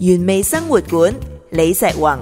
原味生活館李石宏，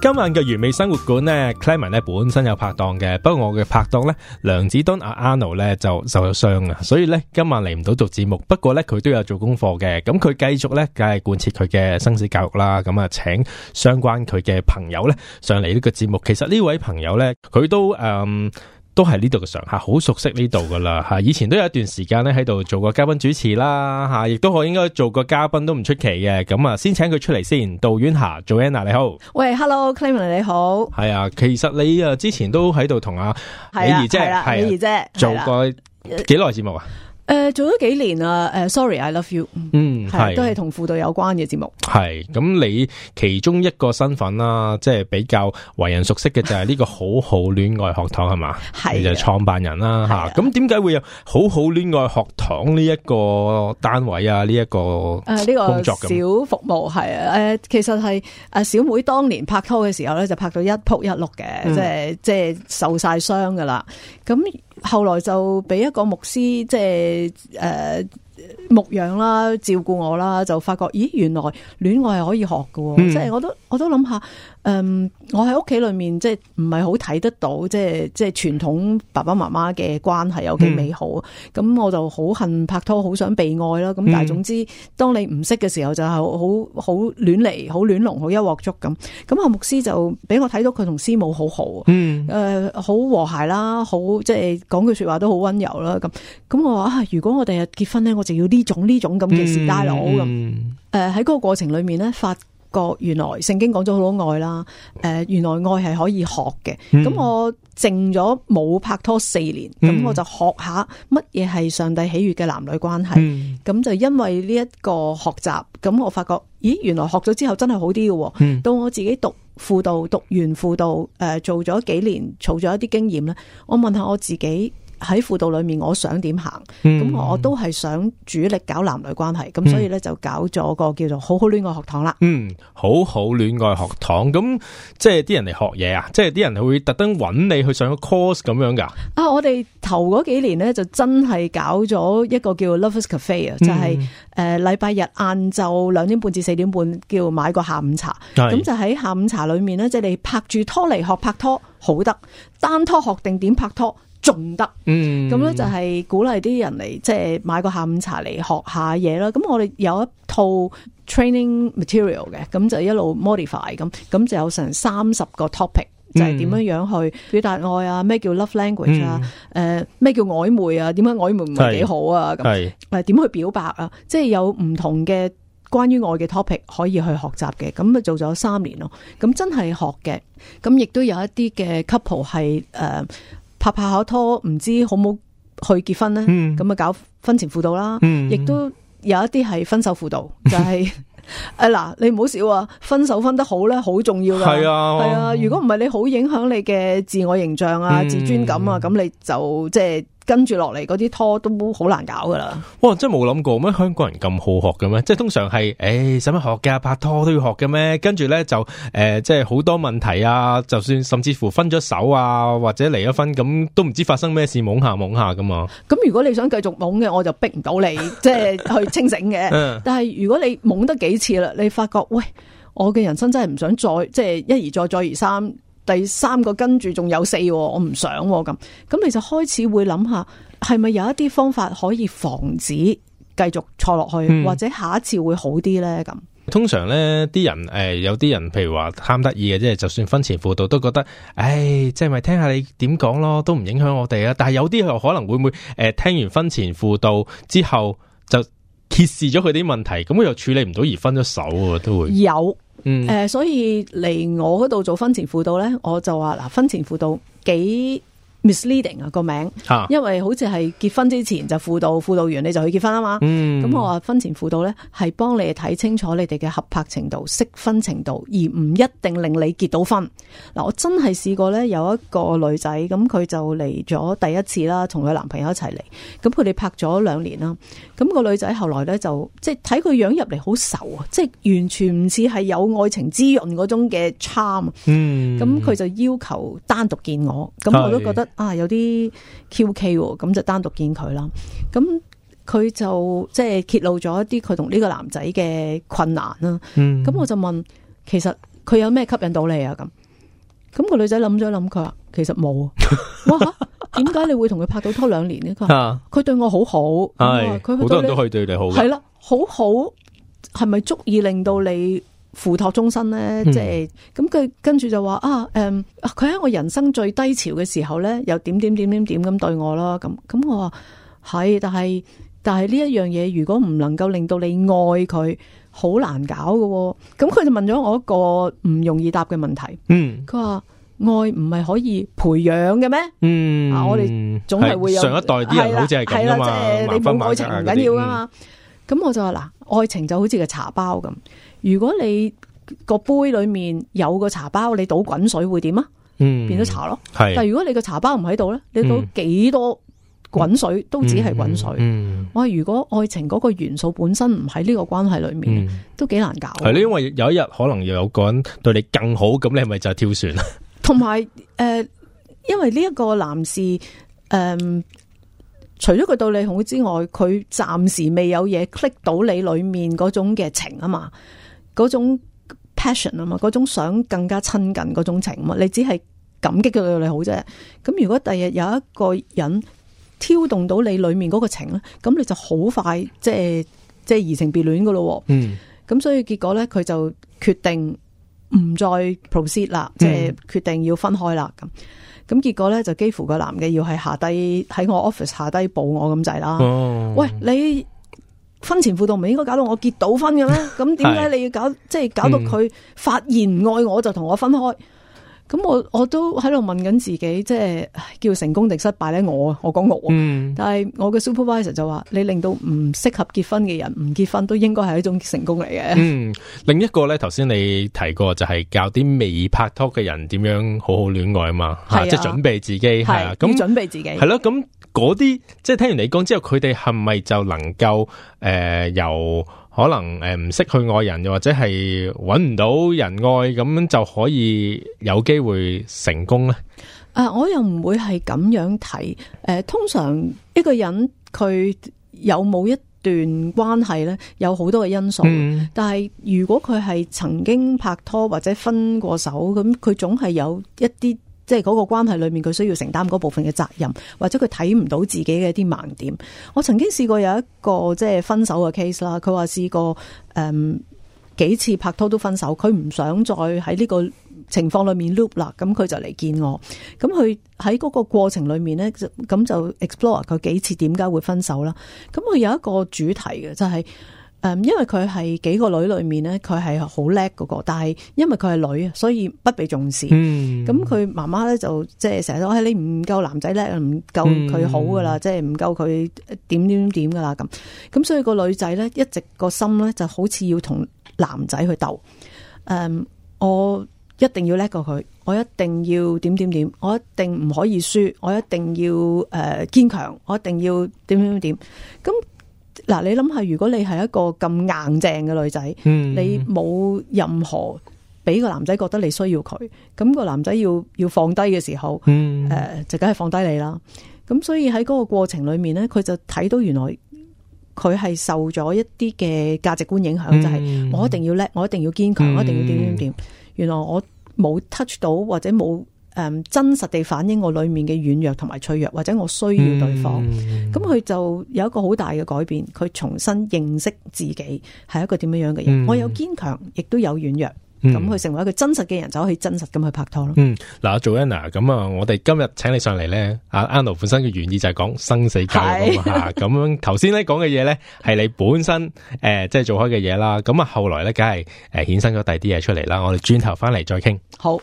今晚嘅原味生活館咧，Clayman 咧本身有拍檔嘅，不過我嘅拍檔咧，梁子敦阿 Anu 咧就受咗傷啊，所以咧今晚嚟唔到做節目，不過咧佢都有做功課嘅，咁佢繼續咧，梗係貫徹佢嘅生死教育啦，咁啊，請相關佢嘅朋友咧上嚟呢個節目，其實呢位朋友咧，佢都誒。都係呢度嘅常客，好熟悉呢度噶啦吓，以前都有一段時間咧喺度做過嘉賓主持啦吓，亦都可應該做過嘉賓都唔出奇嘅。咁啊，先請佢出嚟先，杜婉霞，Joanna 你好，喂，Hello，Clement 你好，係啊，其實你啊之前都喺度同阿李儀姐，李儀姐做過幾耐節目啊？誒、呃，做咗幾年啦？誒、呃、，sorry，I love you。嗯，係都係同輔導有關嘅節目。係咁，你其中一個身份啦、啊，即、就、係、是、比較為人熟悉嘅就係呢個好好戀愛學堂係嘛？係就係創辦人啦、啊，吓的。咁點解會有好好戀愛學堂呢一個單位啊？呢一個誒呢個工作、呃這個、小服務係誒、呃，其實係誒小妹當年拍拖嘅時候咧，就拍到一仆一碌嘅，即係即係受晒傷噶啦。咁後來就俾一個牧師，即係誒，呃牧養啦，照顧我啦，就發覺，咦，原來戀愛係可以學嘅。嗯嗯，即係我都我都諗下，誒，我喺屋企裏面即係唔係好睇得到，即係即係傳統爸爸媽媽嘅關係有幾美好，咁、嗯、我就好恨拍拖，好想被愛啦，咁但係總之，嗯、當你唔識嘅時候就好好好亂嚟，好亂龍，好一鑊粥咁，咁、那、阿、個、牧師就俾我睇到佢同師母好好，嗯，誒、呃，好和諧啦，好即係講句說話都好溫柔啦，咁，咁我話啊，如果我第日結婚咧，我就要呢。呢種呢種咁嘅 style 咁，誒喺嗰個過程裏面呢，發覺原來聖經講咗好多愛啦，誒、呃、原來愛係可以學嘅，咁、嗯、我靜咗冇拍拖四年，咁、嗯、我就學下乜嘢係上帝喜悅嘅男女關係，咁、嗯、就因為呢一個學習，咁我發覺，咦，原來學咗之後真係好啲嘅、啊，嗯、到我自己讀輔導讀完輔導，誒、呃、做咗幾年，儲咗一啲經驗咧，我問下我自己。喺輔導裏面，我想點行，咁、嗯、我都係想主力搞男女關係，咁、嗯、所以咧就搞咗個叫做好好戀愛學堂啦。嗯，好好戀愛學堂，咁即係啲人嚟學嘢啊，即係啲人會特登揾你去上個 course 咁樣噶。啊，我哋頭嗰幾年咧就真係搞咗一個叫 Lovers Cafe 啊、嗯，就係誒禮拜日晏晝兩點半至四點半叫買個下午茶，咁就喺下午茶裏面咧即係你拍住拖嚟學拍拖，好得單拖學定點拍拖。仲得，咁咧、嗯、就係鼓勵啲人嚟即係買個下午茶嚟學下嘢啦。咁我哋有一套 training material 嘅，咁就一路 modify 咁，咁就有成三十個 topic，就係點樣樣去表達愛啊？咩叫 love language 啊？誒、嗯，咩、呃、叫曖昧啊？點樣曖昧唔係幾好啊？咁係，誒，點去表白啊？即、就、係、是、有唔同嘅關於愛嘅 topic 可以去學習嘅。咁啊做咗三年咯，咁真係學嘅。咁亦都有一啲嘅 couple 係誒。呃拍拍下拖，唔知好唔好去結婚咧，咁啊、嗯、搞婚前輔導啦，亦、嗯、都有一啲係分手輔導，就係誒嗱，你唔好笑啊，分手分得好咧，好重要㗎，係啊，係啊，我啊，如果唔係，你好影響你嘅自我形象啊，嗯、自尊感啊，咁你就即係。就是跟住落嚟嗰啲拖都好難搞噶啦！哇，真係冇諗過咩？香港人咁好學嘅咩？即係通常係，誒、哎，使乜學噶？拍拖都要學嘅咩？跟住咧就，誒、呃，即係好多問題啊！就算甚至乎分咗手啊，或者離咗婚，咁都唔知發生咩事，懵下懵下噶嘛！咁如果你想繼續懵嘅，我就逼唔到你， 即係去清醒嘅。但係如果你懵得幾次啦，你發覺喂，我嘅人生真係唔想再，即係一而再，再而三。第三個跟住仲有四，我唔想咁，哦，咁你就開始會諗下，係咪有一啲方法可以防止繼續錯落去，嗯、或者下一次會好啲呢？咁通常呢啲人誒、呃，有啲人譬如話貪得意嘅，即係就算婚前輔導都覺得，唉，即係咪聽下你點講咯，都唔影響我哋啊。但係有啲又可能會唔會誒、呃，聽完婚前輔導之後就揭示咗佢啲問題，咁又處理唔到而分咗手，都會有。誒、嗯呃，所以嚟我嗰度做婚前輔導咧，我就話嗱，婚前輔導幾？Misleading 啊，個名，因為好似係結婚之前就輔導，輔導完你就去結婚啊嘛。咁、嗯、我話婚前輔導咧，係幫你睇清楚你哋嘅合拍程度、適婚程度，而唔一定令你結到婚。嗱、啊，我真係試過咧，有一個女仔，咁佢就嚟咗第一次啦，同佢男朋友一齊嚟，咁佢哋拍咗兩年啦。咁、那個女仔後來咧就，即係睇佢樣入嚟好愁啊，即係完全唔似係有愛情滋潤嗰種嘅 charm。嗯，咁佢就要求單獨見我，咁我都覺得。啊，有啲 QK 喎，咁就單獨見佢啦。咁佢就即係、就是、揭露咗一啲佢同呢個男仔嘅困難啦。咁、嗯、我就問，其實佢有咩吸引到你啊？咁、那、咁個女仔諗咗諗，佢話其實冇啊。 哇，點、啊、解你會同佢拍到拖兩年呢？佢佢 對我好好，係、哎，好多人都可以對你好。係啦，好好係咪足以令到你？付託終身咧？即係咁，佢跟住就話啊，嗯、啊，佢喺我人生最低潮嘅時候咧，又點點點點點咁對我咯，咁、嗯、咁我話係，但係但係呢一樣嘢如果唔能夠令到你愛佢，好難搞噶。咁佢就問咗我一個唔容易答嘅問題，嗯，佢話愛唔係可以培養嘅咩？嗯，我哋總係會有上一代啲人好似係咁啊嘛，就係、你冇愛情唔緊要噶嘛。咁我就話嗱，愛情就好似個茶包咁。如果你個杯裏面有個茶包，你倒滾水會點啊？嗯，變咗茶咯。係，但係如果你個茶包唔喺度咧，你倒幾多滾水都只係滾水。嗯，我如果愛情嗰個元素本身唔喺呢個關係裏面，嗯、都幾難搞的。係咧，因為有一日可能又有個人對你更好，咁你係咪就係跳船啊？同埋誒，因為呢一個男士誒、呃，除咗佢對你好之外，佢暫時未有嘢 click 到你裏面嗰種嘅情啊嘛。嗰種 passion 啊嘛，嗰種想更加親近嗰種情嘛，你只係感激佢對你好啫。咁如果第日有一個人挑動到你裏面嗰個情咧，咁你就好快即係即係移情別戀噶咯。嗯。咁所以結果咧，佢就決定唔再 proceed 啦，即係、嗯、決定要分開啦。咁咁結果咧，就幾乎個男嘅要係下低喺我 office 下低保我咁滯啦。哦。喂，你。婚前輔導唔係應該搞到我結到婚嘅咩？咁點解你要搞即係、嗯、搞到佢發現唔愛我就同我分開？咁我我都喺度問緊自己，即係叫成功定失敗咧？我我講過，嗯、但係我嘅 supervisor 就話：你令到唔適合結婚嘅人唔結婚，都應該係一種成功嚟嘅。嗯，另一個咧，頭先你提過就係教啲未拍拖嘅人點樣好好戀愛啊嘛，吓、啊、即係準備自己係啊，咁準備自己係咯，咁、啊。嗰啲即係聽完你講之後，佢哋係咪就能夠誒、呃，由可能誒唔識去愛人，又或者係揾唔到人愛，咁樣就可以有機會成功咧？誒、啊、我又唔會係咁樣睇誒、呃，通常一個人佢有冇一段關係咧，有好多嘅因素。嗯、但係如果佢係曾經拍拖或者分過手，咁佢總係有一啲。即係嗰個關係裏面，佢需要承擔嗰部分嘅責任，或者佢睇唔到自己嘅一啲盲點。我曾經試過有一個即係分手嘅 case 啦，佢話試過誒、嗯、幾次拍拖都分手，佢唔想再喺呢個情況裏面 loop 啦，咁佢就嚟見我。咁佢喺嗰個過程裏面呢，咁就 explore 佢幾次點解會分手啦。咁佢有一個主題嘅就係、是。因為佢係幾個女裏面咧，佢係好叻嗰個，但係因為佢係女，所以不被重視。咁佢媽媽咧就即係成日，都話你唔夠男仔叻，唔夠佢好噶啦，即係唔夠佢點點點噶啦咁。咁所以個女仔咧，一直個心咧就好似要同男仔去鬥。誒、嗯，我一定要叻過佢，我一定要點點點，我一定唔可以輸，我一定要誒堅強，我一定要點點點。咁嗱，你諗下，如果你係一個咁硬淨嘅女仔，嗯、你冇任何俾個男仔覺得你需要佢，咁、個男仔要要放低嘅時候，誒、嗯呃，就梗係放低你啦。咁所以喺嗰個過程裏面咧，佢就睇到原來佢係受咗一啲嘅價值觀影響，嗯、就係我一定要叻，我一定要堅強，我一定要點點點。嗯、原來我冇 touch 到或者冇。誒，真實地反映我裏面嘅軟弱同埋脆弱，或者我需要對方，咁佢、嗯、就有一個好大嘅改變，佢重新認識自己係一個點樣樣嘅人，嗯、我有堅強，亦都有軟弱，咁佢、嗯、成為一個真實嘅人，就可以真實咁去拍拖咯。嗯，嗱，Joanna，咁啊，我哋今日請你上嚟咧，阿 Anna 本身嘅原意就係講生死交啊。咁頭先咧講嘅嘢，咧係你本身誒、呃，即係做開嘅嘢啦，咁啊後來咧，梗係誒衍生咗第二啲嘢出嚟啦，我哋轉頭翻嚟再傾。好。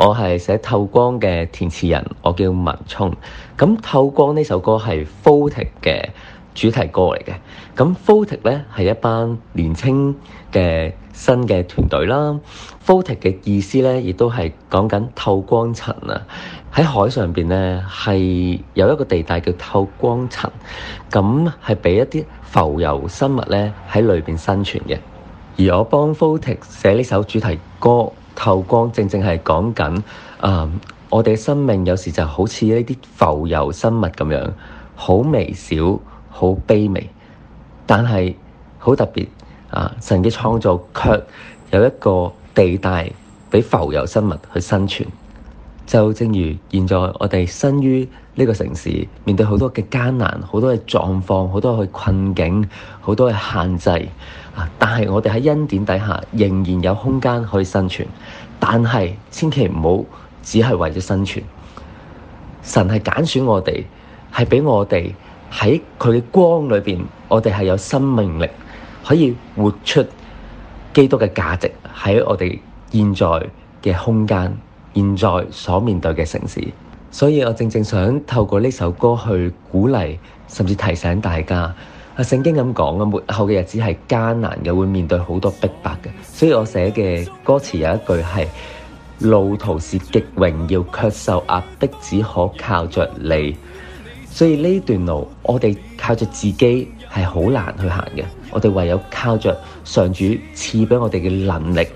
我係寫《透光》嘅填詞人，我叫文聰。咁《透光》呢首歌係《Photic》嘅主題歌嚟嘅。咁《Photic》咧係一班年輕嘅新嘅團隊啦。《Photic》嘅意思咧，亦都係講緊透光層啊。喺海上邊咧，係有一個地帶叫透光層，咁係俾一啲浮游生物咧喺裏面生存嘅。而我幫《Photic》寫呢首主題歌。透光，正正係講緊啊！我哋生命有時就好似呢啲浮游生物咁樣，好微小、好卑微，但係好特別啊！神嘅創造卻有一個地帶俾浮游生物去生存。就正如現在我哋生於呢個城市，面對好多嘅艱難、好多嘅狀況、好多嘅困境、好多嘅限制。但係我哋喺恩典底下，仍然有空間可以生存，但係千祈唔好只係為咗生存。神係揀選我哋，係俾我哋喺佢嘅光裏面，我哋係有生命力，可以活出基督嘅價值喺我哋現在嘅空間，現在所面對嘅城市。所以我正正想透過呢首歌去鼓勵，甚至提醒大家。聖經咁講嘅末後嘅日子係艱難嘅，會面對好多逼迫嘅。所以我寫嘅歌詞有一句係路途是極榮耀，卻受壓、啊、逼迫，只可靠着你。所以呢段路，我哋靠著自己係好難去行嘅。我哋唯有靠着上主賜俾我哋嘅能力，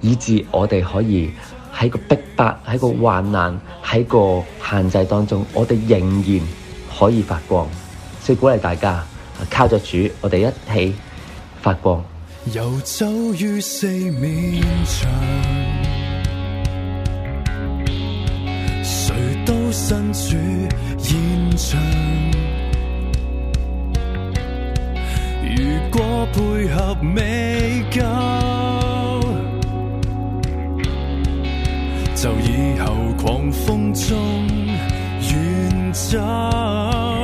以致我哋可以喺個逼迫、喺個患難、喺個限制當中，我哋仍然可以發光，所以鼓勵大家。靠着主，我哋一起發光。遊走於四面牆，誰都身處現場。如果配合未夠，就以後狂風中遠走。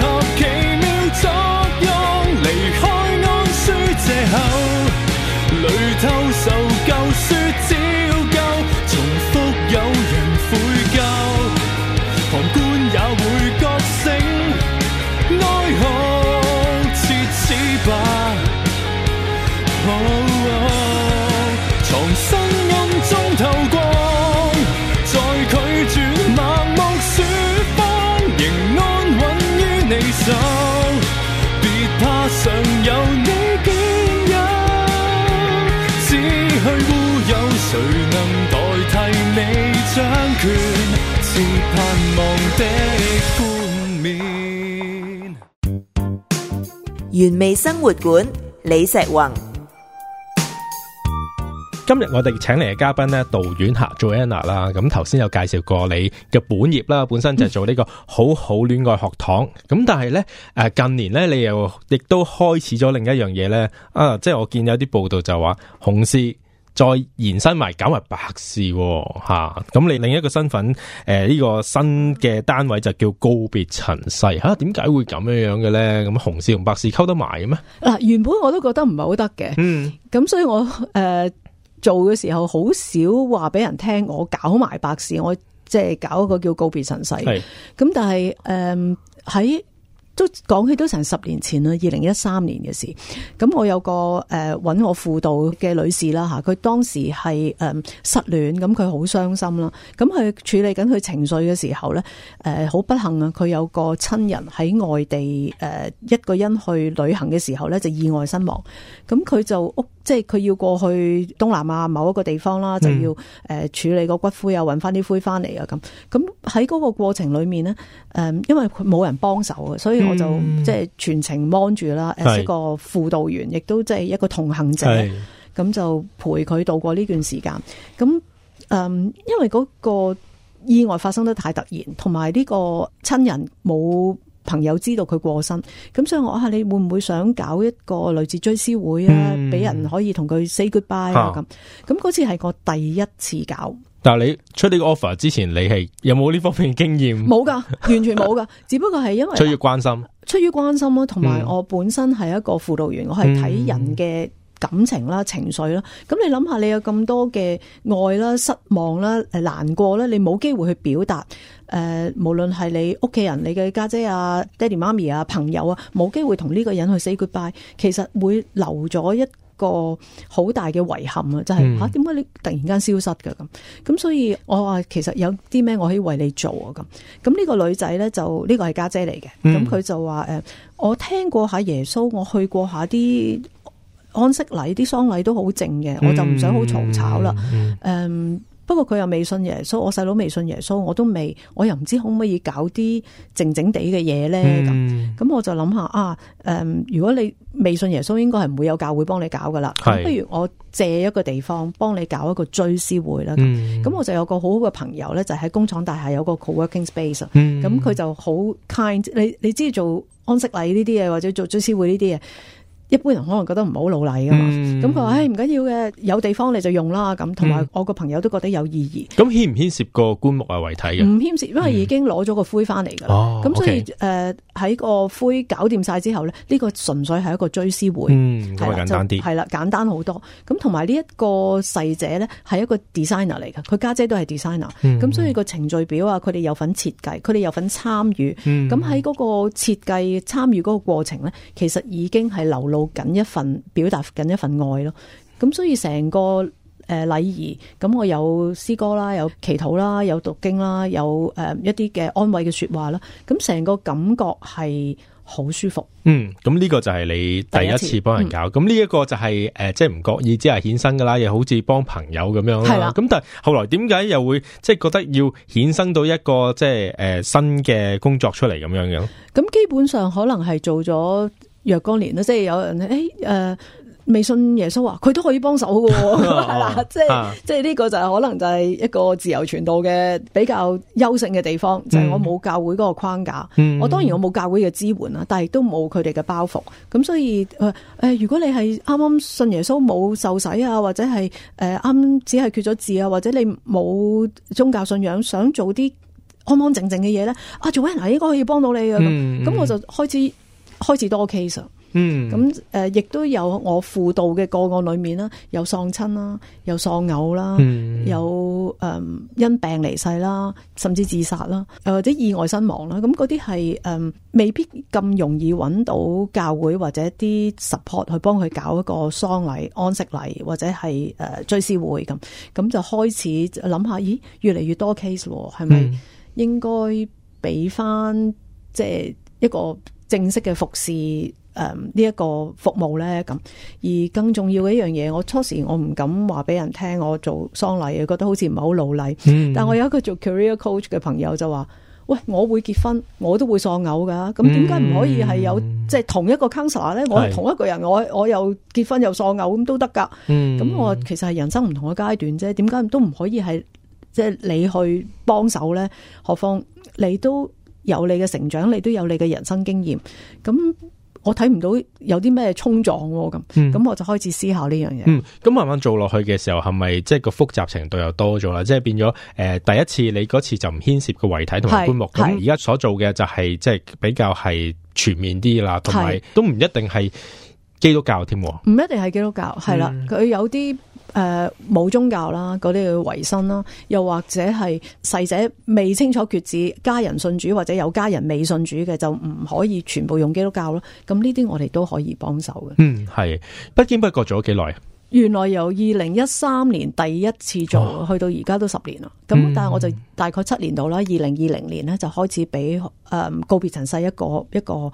原味生活館李石宏，今日我哋請嚟嘅嘉賓咧，杜婉霞 Joanna 啦。咁頭先有介紹過你嘅本業啦，本身就係做呢個好好戀愛學堂。咁 但係咧，誒近年咧，你又亦都開始咗另一樣嘢咧。啊，即係我見有啲報道就話紅事。再延伸埋，搞埋白事、啊，吓、啊、咁你另一個身份，誒、呃、呢、這個新嘅單位就叫告別塵世，吓點解會咁樣樣嘅咧？咁紅事同白事溝得埋嘅咩？嗱，原本我都覺得唔係好得嘅，嗯，咁所以我誒、呃、做嘅時候好少話俾人聽，我搞埋白事，我即係搞一個叫告別塵世，係是，咁但係誒喺。呃都講起都成十年前啦，二零一三年嘅事。咁我有個誒搵、呃、我輔導嘅女士啦吓，佢當時係誒、呃、失戀，咁佢好傷心啦。咁佢處理緊佢情緒嘅時候咧，誒、呃、好不幸啊，佢有個親人喺外地誒、呃、一個人去旅行嘅時候咧就意外身亡，咁佢就屋。即係佢要過去東南亞某一個地方啦，就要誒、呃、處理個骨灰啊，揾翻啲灰翻嚟啊咁。咁喺嗰個過程裏面呢，誒、嗯，因為佢冇人幫手，所以我就、嗯、即係全程幫住啦，呃、一個輔導員，亦都即係一個同行者，咁係就陪佢度過呢段時間。咁誒、嗯，因為嗰個意外發生得太突然，同埋呢個親人冇朋友知道佢過身，咁所以我話你會唔會想搞一個類似追思會啊，俾、嗯、人可以同佢 say goodbye 啊咁？咁嗰次係我第一次搞。但係你出呢個 offer 之前，你係有冇呢方面經驗？冇噶，完全冇噶， 只不過係因為出於關心，出於關心咯，同埋我本身係一個輔導員，嗯、我係睇人嘅。感情啦、情緒啦，咁你諗下，你有咁多嘅愛啦、失望啦、難過啦，你冇機會去表達，誒、呃，無論係你屋企人、你嘅家姐啊、爹哋媽咪啊、朋友啊，冇機會同呢個人去 say goodbye，其實會留咗一個好大嘅遺憾、就係嗯、啊！就係嚇，點解你突然間消失㗎？咁？咁所以我話其實有啲咩我可以為你做啊咁。咁呢個女仔咧就呢、呢個係家姐嚟嘅，咁佢就話、呃、我聽過下耶穌，我去過下啲。安息禮啲喪禮都好靜嘅，我就唔想好嘈吵啦。誒、嗯嗯嗯，不過佢又未信耶穌，我細佬未信耶穌，我都未，我又唔知可唔可以搞啲靜靜哋嘅嘢咧。咁咁、嗯、我就諗下啊，誒、嗯，如果你未信耶穌，應該係唔會有教會幫你搞噶啦。咁是不如我借一個地方幫你搞一個追思會啦。咁咁、嗯、我就有個好好嘅朋友咧，就喺、是、工廠大廈有個 co-working space，咁佢、嗯、就好 kind 你。你你知做安息禮呢啲嘢，或者做追思會呢啲嘢。一般人可能覺得唔好努力噶嘛，咁佢話，唉，唔緊要嘅，有地方你就用啦。咁同埋我個朋友都覺得有意義。咁、嗯、牽唔牽涉過棺木啊遺體嘅？唔牽涉，因為已經攞咗個灰翻嚟噶啦。咁、嗯哦、所以誒，喺個 okay.、呃、灰搞掂晒之後咧，呢、呢個純粹係一個追思會，簡單啲、嗯，係啦簡單好多。咁同埋呢一個逝者咧，係一個 designer 嚟嘅、嗯，佢家姐都係 designer。咁所以個程序表啊，佢哋有份設計，佢哋有份參與。咁喺嗰個設計參與嗰個過程咧，嗯、其實已經係流露緊一份表達緊一份愛咯，咁所以成個誒禮儀，咁我有詩歌啦，有祈禱啦，有讀經啦，有誒一啲嘅安慰嘅說話啦，咁成個感覺係好舒服。嗯，咁呢個就係你第一次幫人搞，咁呢一個就係誒即係唔覺意之係衍生噶啦，又好似幫朋友咁樣咁的但係後來點解又會即係覺得要衍生到一個即係誒新嘅工作出嚟咁樣嘅？咁基本上可能係做咗。若干年啦，即係有人誒，誒、哎呃，未信耶穌啊，佢都可以幫手嘅， 即係、哦啊、即係呢個就係可能就係一個自由傳道嘅比較優勝嘅地方，嗯、就係我冇教會嗰個框架，嗯、我當然我冇教會嘅支援啦，但係都冇佢哋嘅包袱，咁所以誒誒、呃，如果你係啱啱信耶穌冇受洗啊，或者係誒啱只係缺咗字啊，或者你冇宗教信仰想做啲安安靜靜嘅嘢咧，阿、啊、Joanna 應該可以幫到你嘅、啊，咁、嗯、我就開始。開始多 case，嗯，咁亦都有我輔導嘅個案裏面啦，有喪親啦，有喪偶啦，嗯、有、嗯、因病離世啦，甚至自殺啦，或者意外身亡啦，咁嗰啲係誒未必咁容易揾到教會或者啲 support 去幫佢搞一個喪禮，安息禮或者係、呃、追思會，咁，咁就開始諗下，咦，越嚟越多 case 喎，係咪應該俾翻即係一個？正式嘅服侍，誒呢一個服務咧咁，而更重要嘅一樣嘢，我初時我唔敢話俾人聽，我做喪禮覺得好似唔係好努力。嗯、但我有一個做 career coach 嘅朋友就話，喂，我會結婚，我都會喪偶噶，咁點解唔可以係有、嗯、即係同一個 counselor 咧？我係同一個人，我我又結婚又喪偶咁都得噶。咁、嗯、我其實係人生唔同嘅階段啫，點解都唔可以係即係你去幫手咧？何況你都。有你嘅成長，你都有你嘅人生經驗。咁我睇唔到有啲咩衝撞咁，咁我就開始思考呢樣嘢。嗯，咁慢慢做落去嘅時候，係咪即係個複雜程度又多咗啦？即係變咗，誒，第一次你嗰次就唔牽涉個遺體同埋棺木，而家所做嘅就係即係比較係全面啲啦，同埋都唔一定係基督教添。唔一定係基督教，係啦，佢有啲。誒，冇、呃、宗教啦，嗰啲嘅維生啦，又或者係逝者未清楚決志，家人信主或者有家人未信主嘅，就唔可以全部用基督教咯。咁呢啲我哋都可以幫手嘅。嗯，係不經不覺做咗幾耐。原來由二零一三年第一次做，哦、去到而家都十年啦。咁、嗯、但係我就大概七年到啦，二零二零年呢，就開始俾誒、呃、告別塵世一個一個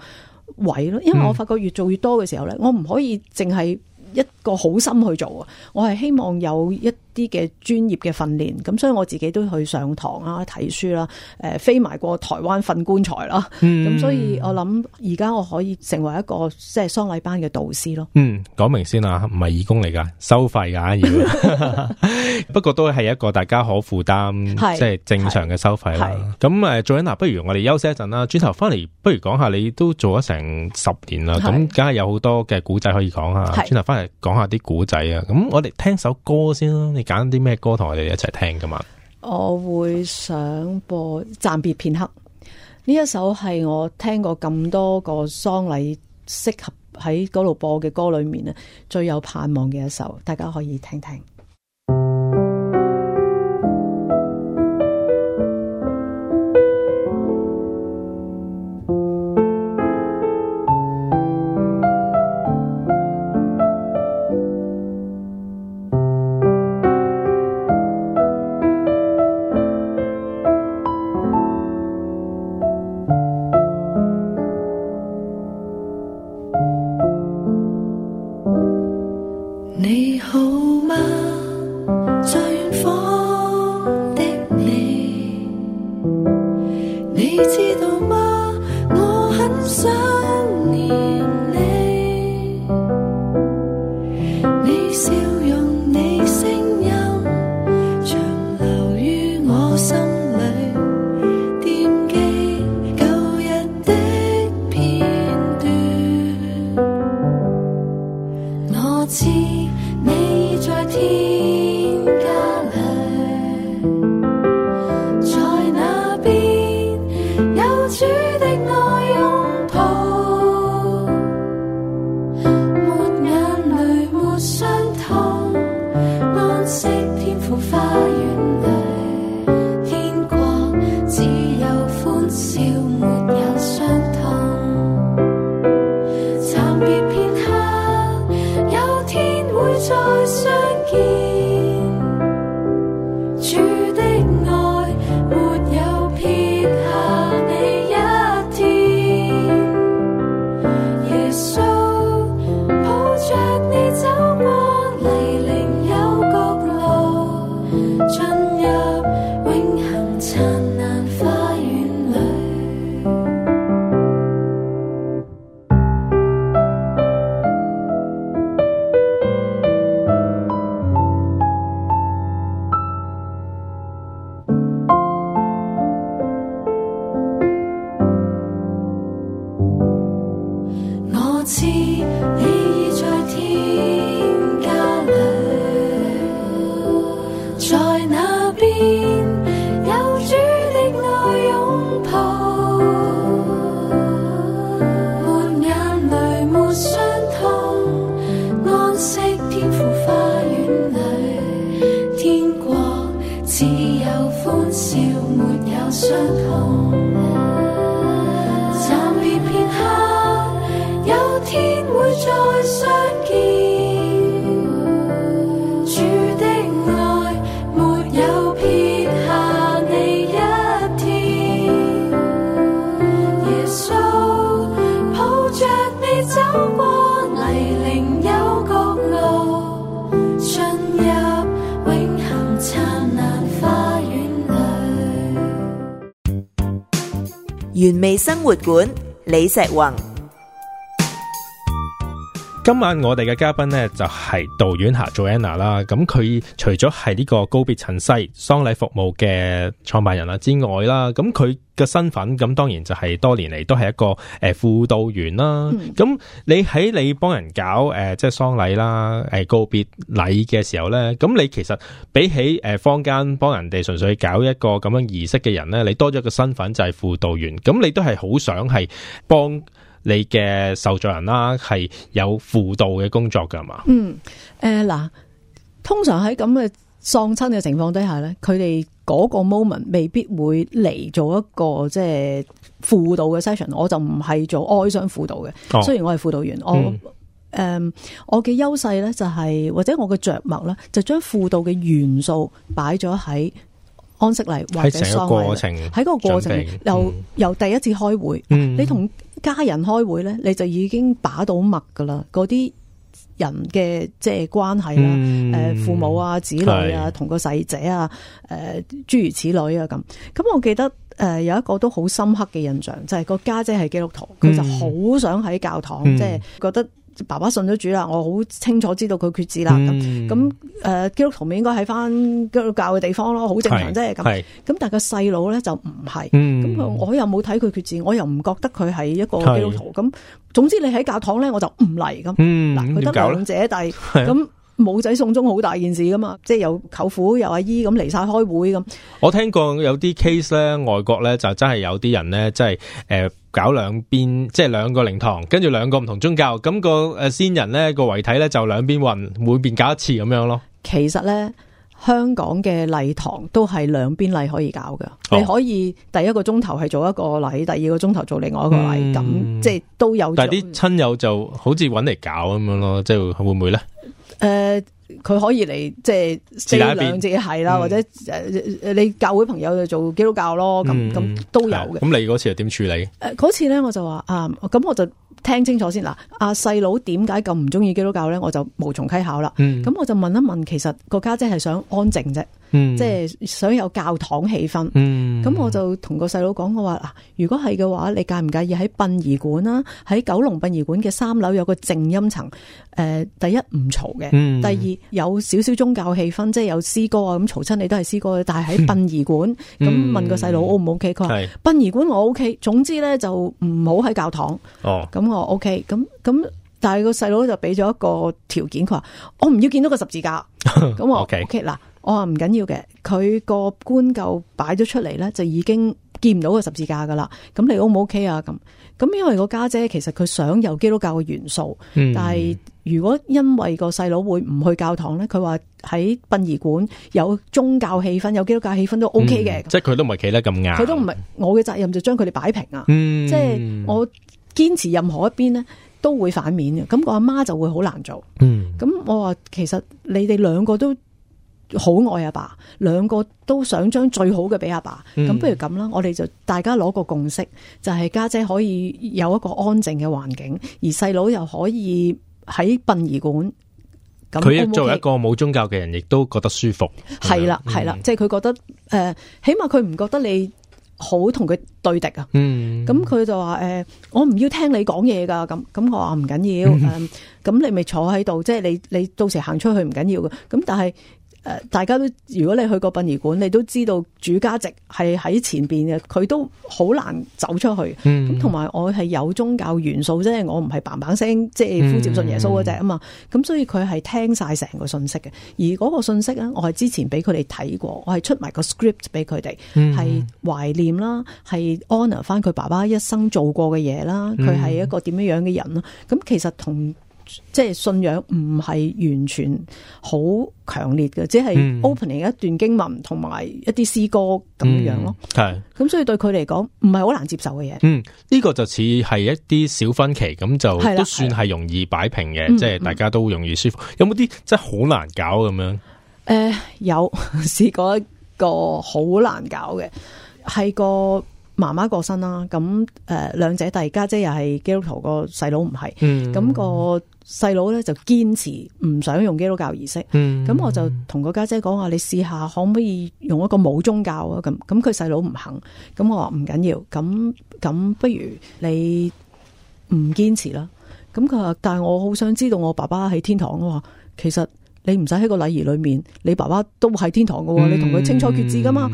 位咯。因為我發覺越做越多嘅時候呢，我唔可以淨係。一個好心去做啊，我係希望有一啲嘅專業嘅訓練，咁所以我自己都去上堂啊，睇書啦、啊、誒、呃、飛埋過台灣瞓棺材啦，咁、嗯、所以我諗而家我可以成為一個即係喪禮班嘅導師咯。嗯，講明先啊，唔係義工嚟噶，收費噶， 不過都係一個大家可負擔，即係 正常嘅收費啦。咁誒，再嗱，啊、Joanna, 不如我哋休息一陣啦，轉頭翻嚟，不如講下你都做咗成十年啦，咁梗係有好多嘅古仔可以講下，轉頭翻嚟講下啲古仔啊，咁我哋聽首歌先啦，你。揀啲咩歌同我哋一齊聽噶嘛？我會想播《暫別片刻》，呢一首係我聽過咁多個喪禮適合喺嗰度播嘅歌裏面啊，最有盼望嘅一首，大家可以聽聽。好嗎？在遠方的你，你知道嗎？我很想。生活館李石宏。今晚我哋嘅嘉賓呢，就係杜婉霞 Joanna 啦，咁佢除咗係呢個告別陳西喪禮服務嘅創辦人啦之外啦，咁佢嘅身份咁當然就係多年嚟都係一個誒輔導員啦。咁、嗯、你喺你幫人搞誒即係喪禮啦，誒告別禮嘅時候呢，咁你其實比起誒坊間幫人哋純粹搞一個咁樣儀式嘅人呢，你多咗個身份就係輔導員，咁你都係好想係幫。你嘅受助人啦，係有輔導嘅工作㗎嘛？嗯，誒，嗱，通常喺咁嘅喪親嘅情況底下咧，佢哋嗰個 moment 未必會嚟做一個即係輔導嘅 session。我就唔係做哀傷輔導嘅，哦、雖然我係輔導員，嗯、我，誒、呃，我嘅優勢咧就係、是、或者我嘅着墨咧，就將輔導嘅元素擺咗喺。安息禮或者喪禮，喺個過程，喺個過程備由、嗯、由第一次開會，嗯、你同家人開會咧，你就已經把到脈噶啦，嗰啲人嘅即係關係啦，誒、嗯呃、父母啊、子女啊、是同個細仔啊，誒、呃、諸如此類啊咁。咁我記得誒、呃、有一個都好深刻嘅印象，就係個家姐係基督徒，佢、嗯、就好想喺教堂，嗯、即係覺得。爸爸信咗主啦，我好清楚知道佢決志啦。咁咁、嗯呃，基督徒咪應該喺返基督教嘅地方咯，好正常啫咁。咁但係個細佬咧就唔係，咁、嗯、我又冇睇佢決志，我又唔覺得佢係一個基督徒。咁是總之你喺教堂咧，我就唔嚟咁。嗱，佢得兩姐弟咁。是冇仔送終好大件事噶嘛，即係有舅父、有阿姨咁離晒開會咁。我聽過有啲 case 咧，外國咧就真係有啲人咧、就是呃，即係誒搞兩邊，即係兩個靈堂，跟住兩個唔同宗教，咁、那個誒先人咧個遺體咧就兩邊運，每邊搞一次咁樣咯。其實咧，香港嘅禮堂都係兩邊禮可以搞噶，哦、你可以第一個鐘頭係做一個禮，第二個鐘頭做另外一個禮，咁、嗯、即係都有。但係啲親友就好似搵嚟搞咁樣咯，即係會唔會咧？誒，佢、呃、可以嚟即係四兩字係啦，或者誒誒，你教會朋友就做基督教咯，咁咁都有嘅。咁、嗯、你嗰次又點處理？誒、呃，嗰次咧，我就話啊，咁我就聽清楚先嗱，阿細佬點解咁唔中意基督教咧？我就無從稽考啦。咁、嗯、我就問一問，其實個家姐係想安靜啫。嗯，即係想有教堂氣氛。嗯，咁我就同個細佬講，我話嗱，如果係嘅話，你介唔介意喺殯儀館啦？喺九龍殯儀館嘅三樓有個靜音層，誒、呃，第一唔嘈嘅，嗯、第二有少少宗教氣氛，即係有詩歌啊，咁嘈親你都係詩歌嘅，但係喺殯儀館，咁、嗯、問個細佬 O 唔 O K？佢話殯儀館我 O K。總之咧就唔好喺教堂。哦，咁我 O K。咁咁，但係個細佬就俾咗一個條件，佢話我唔要見到個十字架。咁 我 O K 嗱。 我話唔緊要嘅，佢個官柩擺咗出嚟咧，就已經見唔到個十字架噶啦。咁你 O 唔 O K 啊？咁咁因為個家姐，姐其實佢想有基督教嘅元素，嗯、但係如果因為個細佬會唔去教堂咧，佢話喺殯儀館有宗教氣氛，有基督教氣氛都 O K 嘅。即係佢都唔係企得咁硬，佢都唔係我嘅責任就將佢哋擺平啊。即係、嗯、我堅持任何一邊咧都會反面嘅，咁我阿媽就會好難做。咁、嗯、我話其實你哋兩個都。好愛阿爸，兩個都想將最好嘅俾阿爸，咁不如咁啦，我哋就大家攞個共識，就係家姐可以有一個安靜嘅環境，而細佬又可以喺殯儀館。佢作為一個冇宗教嘅人，亦都覺得舒服。係啦，係啦，嗯，即係佢覺得，誒，起碼佢唔覺得你好同佢對敵啊。嗯，咁佢就話：，誒，我唔要聽你講嘢噶，咁，咁我話唔緊要，咁， 呃，你咪坐喺度，即係你你到時行出去唔緊要嘅，咁但係。誒，大家都如果你去過殯儀館，你都知道主家席係喺前邊嘅，佢都好難走出去。咁同埋我係有宗教元素啫，我唔係棒棒聲，即係呼召信耶穌嗰隻啊嘛。咁、嗯、所以佢係聽晒成個信息嘅，而嗰個信息咧，我係之前俾佢哋睇過，我係出埋個 script 俾佢哋，係、嗯、懷念啦，係 honour 翻佢爸爸一生做過嘅嘢啦，佢係一個點樣樣嘅人啦。咁其實同。即係信仰唔係完全好強烈嘅，只係 opening 一段經文同埋一啲詩歌咁樣咯。係、嗯，咁所以對佢嚟講唔係好難接受嘅嘢。嗯，呢、呢個就似係一啲小分歧，咁就都算係容易擺平嘅，的的即係大家都容易舒服。嗯嗯、有冇啲即係好難搞咁樣？誒、呃，有試過一個好難搞嘅，係個。媽媽過身啦，咁誒兩姐弟，但家姐又係基督徒，個細佬唔係，咁個細佬咧就堅持唔想用基督教儀式，咁、嗯、我就同個家姐講話，嗯、你試下可唔可以用一個冇宗教啊？咁咁佢細佬唔肯，咁我話唔緊要，咁咁不如你唔堅持啦。咁佢話，但係我好想知道我爸爸喺天堂喎。其實。你唔使喺個禮儀裏面，你爸爸都係天堂喎。嗯、你同佢清楚決志噶嘛？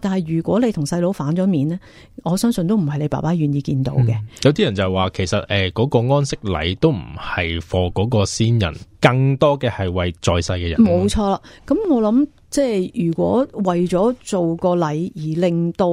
但係如果你同細佬反咗面咧，我相信都唔係你爸爸願意見到嘅、嗯。有啲人就話，其實誒嗰個安息禮都唔係 for 嗰個先人，更多嘅係為在世嘅人。冇錯啦，咁我諗。即係如果為咗做個禮而令到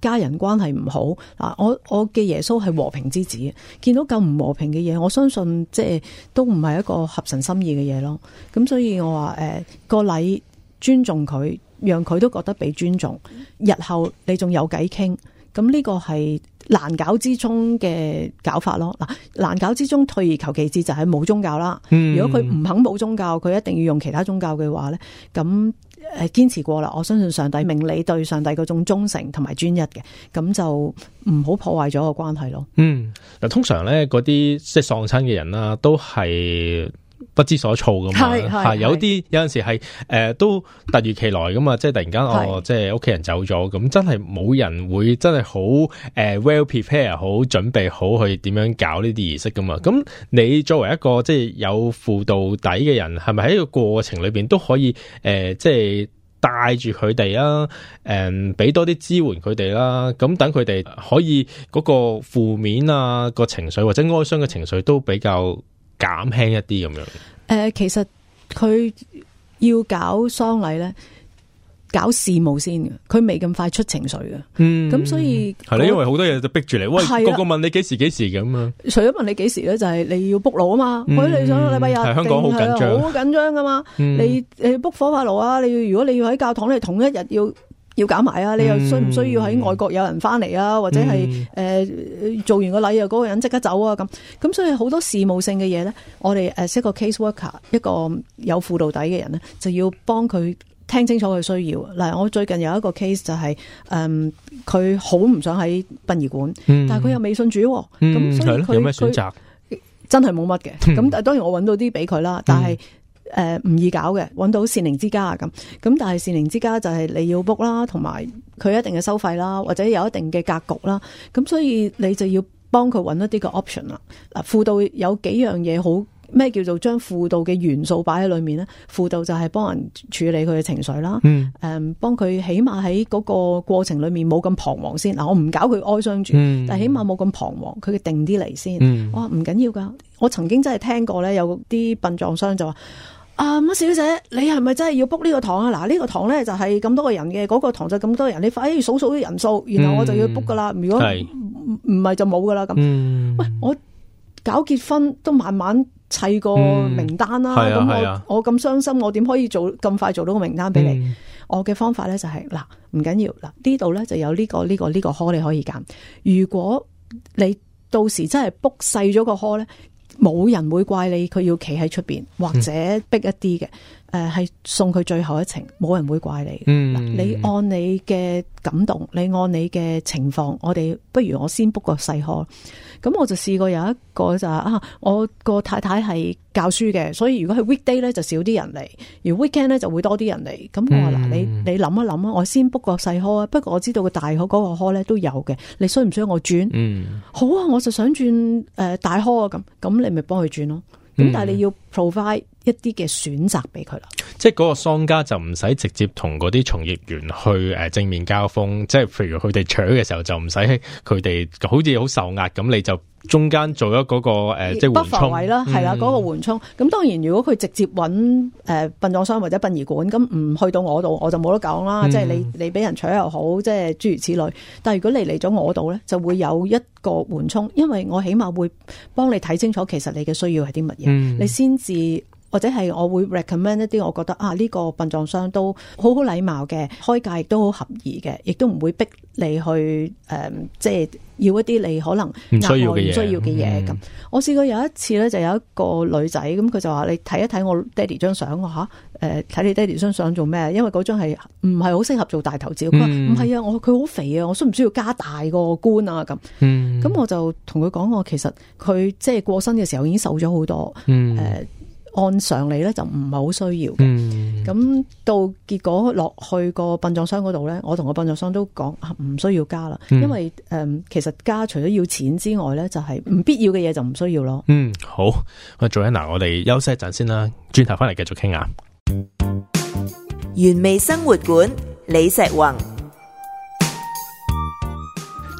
家人關係唔好嗱，我我嘅耶穌係和平之子，見到咁唔和平嘅嘢，我相信即係都唔係一個合神心意嘅嘢咯。咁所以我話誒、哎、個禮尊重佢，讓佢都覺得被尊重，日後你仲有偈傾。咁呢個係難搞之中嘅搞法咯。嗱，難搞之中退而求其次就係、是、冇宗教啦。嗯、如果佢唔肯冇宗教，佢一定要用其他宗教嘅話咧，咁。誒，堅持過啦，我相信上帝明理，對上帝嗰種忠誠同埋專一嘅，咁就唔好破壞咗個關係咯。嗯，嗱，通常咧嗰啲即係喪親嘅人啦，啊，都係。不知所措噶嘛，係有啲有陣時係誒、呃、都突如其來噶嘛，即係突然間是哦，即係屋企人走咗，咁真係冇人會真係好誒 well prepare 好準備好去點樣搞呢啲儀式噶嘛。咁你作為一個即係有輔導底嘅人，係咪喺個過程裏邊都可以誒、呃、即係帶住佢哋啊，誒、嗯、俾多啲支援佢哋啦，咁等佢哋可以嗰個負面啊、嗰個情緒或者哀傷嘅情緒都比較。減輕一啲咁樣。誒，其實佢要搞喪禮咧，搞事務先嘅，佢未咁快出情緒嘅。嗯，咁所以係啦，因為好多嘢都逼住你，喂，個個問你幾時幾時嘅嘛。除咗問你幾時咧，就係你要 book 爐啊嘛。嗯，你想禮拜日係香港好緊張，好緊張噶嘛。嗯，你誒 book 火化爐啊，你如果你要喺教堂，你同一日要。要搞埋啊！你又需唔需要喺外國有人翻嚟啊？嗯、或者係誒、呃、做完個禮啊嗰、那個人即刻走啊？咁咁所以好多事務性嘅嘢咧，我哋誒識一個 case worker 一個有輔導底嘅人咧，就要幫佢聽清楚佢需要嗱。我最近有一個 case 就係、是、誒，佢好唔想喺殯儀館，嗯、但佢又未信主，咁、嗯、所以佢有咩選擇，真係冇乜嘅。咁當然我揾到啲俾佢啦，但係。嗯誒，唔、呃、易搞嘅，揾到善靈之家啊,咁，咁但係善靈之家就係你要 book 啦，同埋佢一定嘅收費啦，或者有一定嘅格局啦，咁所以你就要幫佢揾一啲個 option 啦。嗱，輔導有幾樣嘢好，咩叫做將輔導嘅元素擺喺裏面咧？輔導就係幫人處理佢嘅情緒啦，誒、嗯，幫佢、嗯、起碼喺嗰個過程裏面冇咁彷徨先。嗱，我唔搞佢哀傷住，嗯、但起碼冇咁彷徨，佢嘅定啲嚟先。我話唔緊要噶，我曾經真係聽過咧，有啲殯葬商就話。啊，媽小姐，你係咪真係要 book 呢個堂啊？嗱、啊，呢、這個堂咧就係、是、咁多個人嘅，嗰、那個堂就咁多人。你快啲數數啲人數，然後我就要 book 噶啦。嗯、如果唔唔係就冇噶啦咁。嗯、喂，我搞結婚都慢慢砌個名單啦、啊。咁、嗯啊、我我咁傷心，我點可以做咁快做到個名單俾你？嗯、我嘅方法咧就係、是、嗱，唔緊要嗱，啊、這裡呢度咧就有呢、這個呢、這個呢、這個科你可以揀。如果你到時真係 book 細咗個科咧。冇人會怪你，佢要企喺出邊，或者逼一啲嘅。誒，係送佢最後一程，冇人會怪你。嗯，你按你嘅感動，你按你嘅情況，我哋不如我先 book 個細科。咁我就試過有一個就係，啊，我個太太係教書嘅，所以如果係 weekday 咧，就少啲人嚟，而 weekend 咧，就會多啲人嚟。咁我話嗱，你你諗一諗啊，我先 book 個細科啊。不過我知道大個大科嗰個科咧都有嘅，你需唔需要我轉？嗯，好啊，我就想轉誒、呃、大科啊，咁咁你咪幫佢轉咯。咁但係你要。Provide 一啲嘅選擇俾佢啦，即係嗰個商家就唔使直接同嗰啲從業員去正面交鋒，即係譬如佢哋搶嘅時候就唔使佢哋好似好受壓咁，你就中間做咗嗰、嗰個、啊、即係緩衝位啦，係啦，嗰、嗯嗰個緩衝。咁當然如果佢直接揾誒、呃、殯葬商或者殯儀館，咁唔去到我度，我就冇得講啦。嗯、即係你你俾人搶又好，即係諸如此類。但如果你嚟咗我度咧，就會有一個緩衝，因為我起碼會幫你睇清楚其實你嘅需要係啲乜嘢，嗯、你先。或者係我會 recommend 一啲我覺得啊呢、這個殯葬商都好好禮貌嘅，開價都好合宜嘅，亦都唔會逼你去誒、呃，即係要一啲你可能唔需要嘅嘢。唔需要嘅嘢咁，嗯、我試過有一次呢，就有一個女仔咁，佢、嗯嗯、就話，你睇一睇我爹哋張相啊吓，誒、啊、睇你爹哋張相做咩？因為嗰張係唔係好適合做大頭照。唔係、嗯、啊，我佢好肥啊，我需唔需要加大個棺啊？咁，咁、嗯嗯嗯、我就同佢講，我其實佢即係過身嘅時候已經瘦咗好多，誒、嗯呃。按常理咧就唔係好需要嘅，咁、嗯、到結果落去個殯葬商嗰度咧，我同個殯葬商都講唔需要加啦，嗯、因為誒、呃、其實加除咗要錢之外咧，就係、是、唔必要嘅嘢，就唔需要咯。嗯，好，ana, 我做緊嗱，我哋休息一陣先啦，轉頭翻嚟繼續傾下。原味生活館李石宏。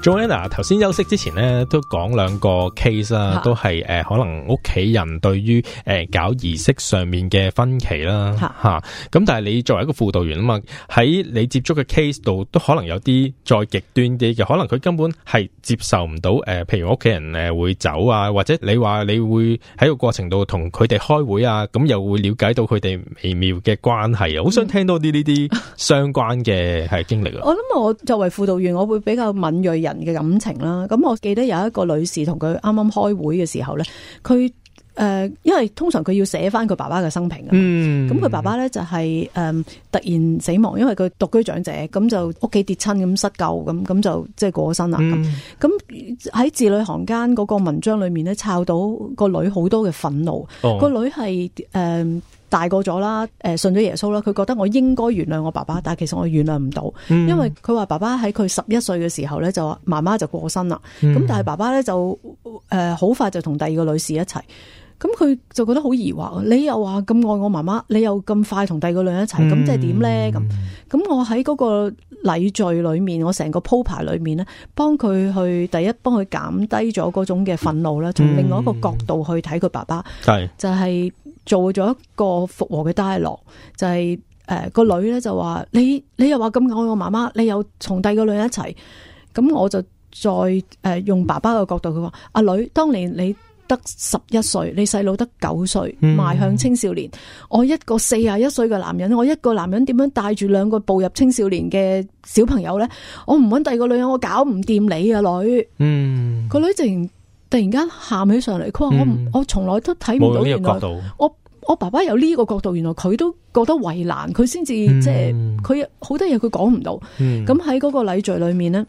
Joanna，頭先休息之前咧，都講兩個 case 啦，啊、都係誒、呃、可能屋企人對於誒、呃、搞儀式上面嘅分歧啦，吓、啊、咁。但係你作為一個輔導員啊嘛，喺你接觸嘅 case 度，都可能有啲再極端啲嘅，可能佢根本係接受唔到誒，譬如屋企人誒會走啊，或者你話你會喺個過程度同佢哋開會啊，咁又會了解到佢哋微妙嘅關係、嗯、啊。好想聽多啲呢啲相關嘅係經歷啊！我諗我作為輔導員，我會比較敏銳人嘅感情啦，咁我記得有一個女士同佢啱啱開會嘅時候咧，佢誒、呃，因為通常佢要寫翻佢爸爸嘅生平啊，咁佢、嗯、爸爸咧就係、是、誒、呃、突然死亡，因為佢獨居長者，咁就屋企跌親咁失救咁，咁就即係、就是、過咗身啦。咁喺字裏行間嗰個文章裏面咧，抄到個女好多嘅憤怒，哦、個女係誒。呃大個咗啦，誒，信咗耶穌啦，佢覺得我應該原諒我爸爸，嗯、但係其實我原諒唔到，嗯、因為佢話爸爸喺佢十一歲嘅時候咧就話媽媽就過身啦，咁、嗯、但係爸爸咧就誒好、呃、快就同第二個女士一齊，咁佢就覺得好疑惑，你又話咁愛我媽媽，你又咁快同第二個女人一齊，咁、嗯、即係點咧？咁咁、嗯、我喺嗰個禮序裏面，我成個鋪排裏面咧，幫佢去第一，幫佢減低咗嗰種嘅憤怒啦。從另外一個角度去睇佢爸爸，係、嗯、就係、是。做咗一個復和嘅大洛，就係誒，個女咧就話你你又話咁愛我媽媽，你又同第二個女人一齊，咁我就再誒、呃、用爸爸嘅角度說，佢話阿女當年你得十一歲，你細佬得九歲，邁向青少年，嗯、我一個四十一歲嘅男人，我一個男人點樣帶住兩個步入青少年嘅小朋友呢？我唔揾第二個女人，我搞唔掂你嘅、啊、女，嗯，個女竟突然間喊起上嚟，佢話我、嗯、我從來都睇唔到原來呢個角度我我爸爸有呢個角度，原來佢都覺得為難，佢先至即係佢好多嘢佢講唔到。咁喺嗰個禮序裏面呢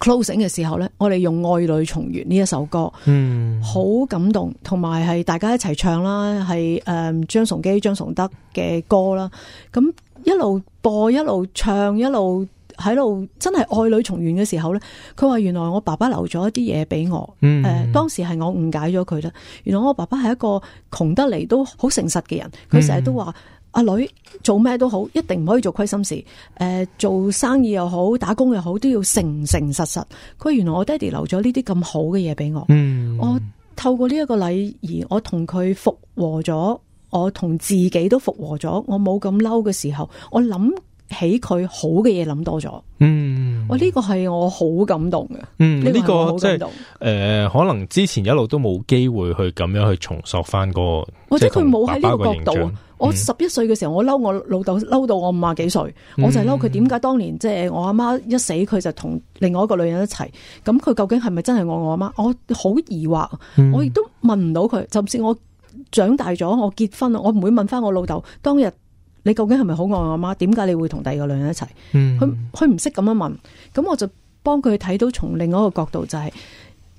closing 嘅時候咧，我哋用《愛女重圓》呢一首歌，嗯，好感動，同埋係大家一齊唱啦，係誒、呃、張崇基、張崇德嘅歌啦。咁一路播，一路唱，一路。喺度真係愛女重圓嘅時候咧，佢話原來我爸爸留咗一啲嘢俾我，誒、嗯呃，當時係我誤解咗佢啦。原來我爸爸係一個窮得嚟都好誠實嘅人，佢成日都話阿、嗯啊、女做咩都好，一定唔可以做虧心事。誒、呃，做生意又好，打工又好，都要誠誠實實。佢話原來我爹哋留咗呢啲咁好嘅嘢俾我，嗯、我透過呢一個禮儀，我同佢復和咗，我同自己都復和咗，我冇咁嬲，嘅時候，我諗。起佢好嘅嘢諗多咗，嗯，哦這個、我呢個係我好感動嘅，嗯，呢個即係誒，可能之前一路都冇機會去咁樣去重塑翻、那個，或者佢冇喺呢個角度、啊。嗯、我十一歲嘅時候，我嬲我老豆，嬲到我五廿幾歲，嗯、我就係嬲佢點解當年即係、嗯、我阿媽一死，佢就同另外一個女人一齊。咁佢究竟係咪真係愛我阿媽？我好疑惑，嗯、我亦都問唔到佢，就算我長大咗，我結婚我唔會問翻我老豆當日。你究竟係咪好愛我媽？點解你會同第二個女人一齊？佢佢唔識咁樣問，咁我就幫佢睇到從另外一個角度、就是，就係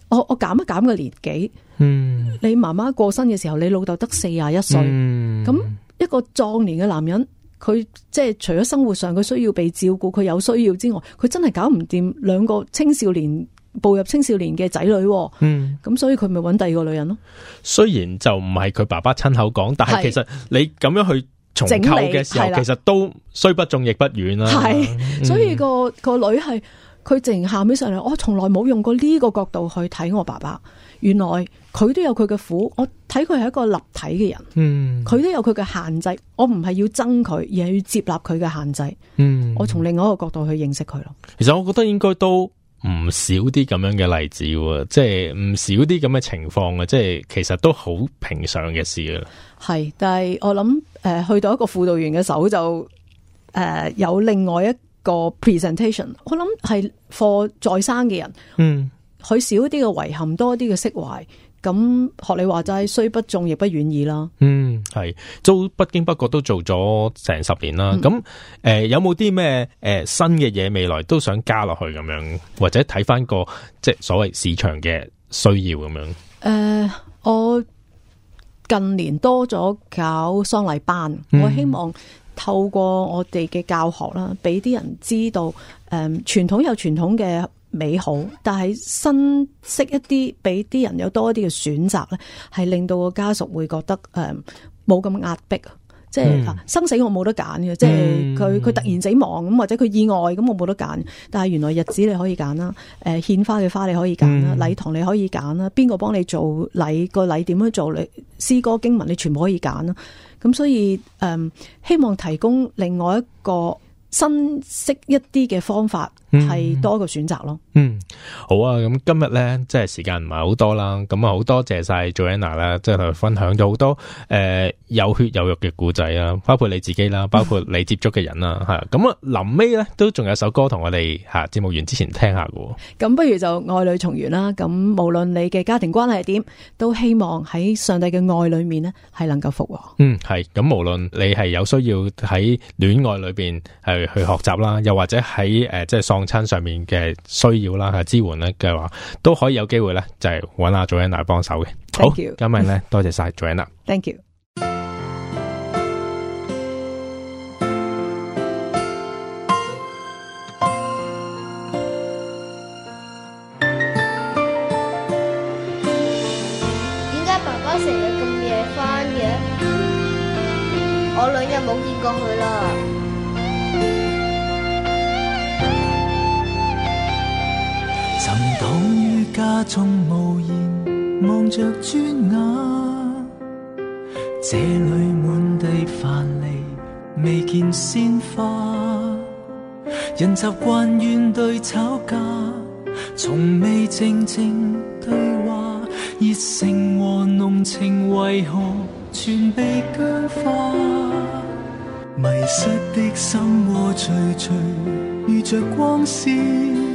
我我減一減個年紀。嗯，你媽媽過身嘅時候，你老豆得四十一歲。咁、嗯、一個壯年嘅男人，佢即係除咗生活上佢需要被照顧，佢有需要之外，佢真係搞唔掂兩個青少年步入青少年嘅仔女、哦。嗯，咁所以佢咪揾第二個女人咯？雖然就唔係佢爸爸親口講，但係其實你咁樣去。重構嘅時候，其實都雖不中亦不遠啦、啊。係，所以、那個個、嗯、女係，佢突然喊起上嚟，我從來冇用過呢個角度去睇我爸爸。原來佢都有佢嘅苦，我睇佢係一個立體嘅人。嗯，佢都有佢嘅限制，我唔係要憎佢，而係要接納佢嘅限制。嗯，我從另外一個角度去認識佢咯。其實我覺得應該都唔少啲咁樣嘅例子，即係唔少啲咁嘅情況啊！即、就、係、是、其實都好平常嘅事啊。係，但係我諗，誒、呃，去到一個輔導員嘅手就，誒、呃，有另外一個 presentation。我諗係 for 在生嘅人，嗯，佢少啲嘅遺憾，多啲嘅釋懷。咁學你話齋，雖不中，亦不遠矣啦。嗯，係做北京不經不覺都做咗成十年啦。咁誒、嗯呃，有冇啲咩誒新嘅嘢未來都想加落去咁樣，或者睇翻個即係所謂市場嘅需要咁樣？誒、呃，我。近年多咗搞喪禮班，我希望透過我哋嘅教學啦，俾啲人知道，誒、嗯、傳統有傳統嘅美好，但係新式一啲，俾啲人有多一啲嘅選擇咧，係令到個家屬會覺得，誒冇咁壓迫。即係生死我冇得揀嘅，嗯、即係佢佢突然死亡咁，或者佢意外咁，我冇得揀。但係原來日子你可以揀啦，誒、呃，獻花嘅花你可以揀啦，嗯、禮堂你可以揀啦，邊個幫你做禮，個禮點樣做，你詩歌經文你全部可以揀啦。咁所以誒、嗯，希望提供另外一個新式一啲嘅方法。係多個選擇咯，嗯。嗯，好啊，咁今日咧，即係時間唔係好多啦。咁啊，好多謝晒 Joanna 啦，即係同分享咗好多誒、呃、有血有肉嘅故仔啊，包括你自己啦，包括你接觸嘅人啦，係咁 啊，臨尾咧都仲有首歌同我哋吓節目完之前聽下喎。咁不如就愛女重圓啦。咁無論你嘅家庭關係係點，都希望喺上帝嘅愛裏面呢，係能夠復和。嗯，係。咁無論你係有需要喺戀愛裏邊係去學習啦，又或者喺誒、呃、即係喪。親上面嘅需要啦，係支援咧嘅話，都可以有機會咧，就係、是、搵阿、啊、Joanna 幫手嘅。好，Thank you. 今日咧多謝晒 Joanna。Thank you。點解爸爸成日咁夜返嘅？我兩日冇見過佢啦。家中無言，望着磚瓦，這裏滿地樊籬，未見鮮花。人習慣怨對吵架，從未靜靜對話。熱情和濃情為何全被僵化？迷失的心窩，聚聚遇着光線。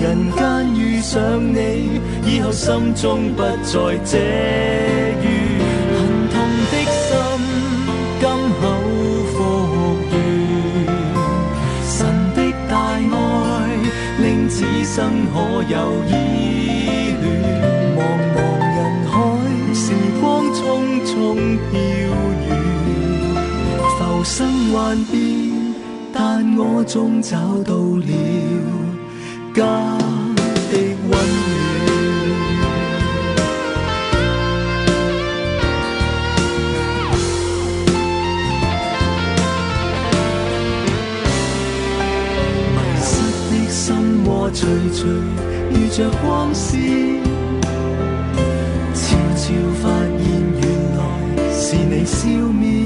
人間遇上你，以後心中不再嗟怨。恨痛的心，今後復原。神的大愛，令此生可有依戀。茫茫人海，時光匆匆飄遠，浮生幻變。但我終找到了家的溫暖。迷失的心窩，徐徐遇着光線，悄悄發現，原來是你笑面。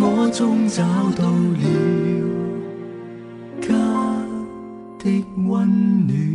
我終於揾到咗家嘅溫暖。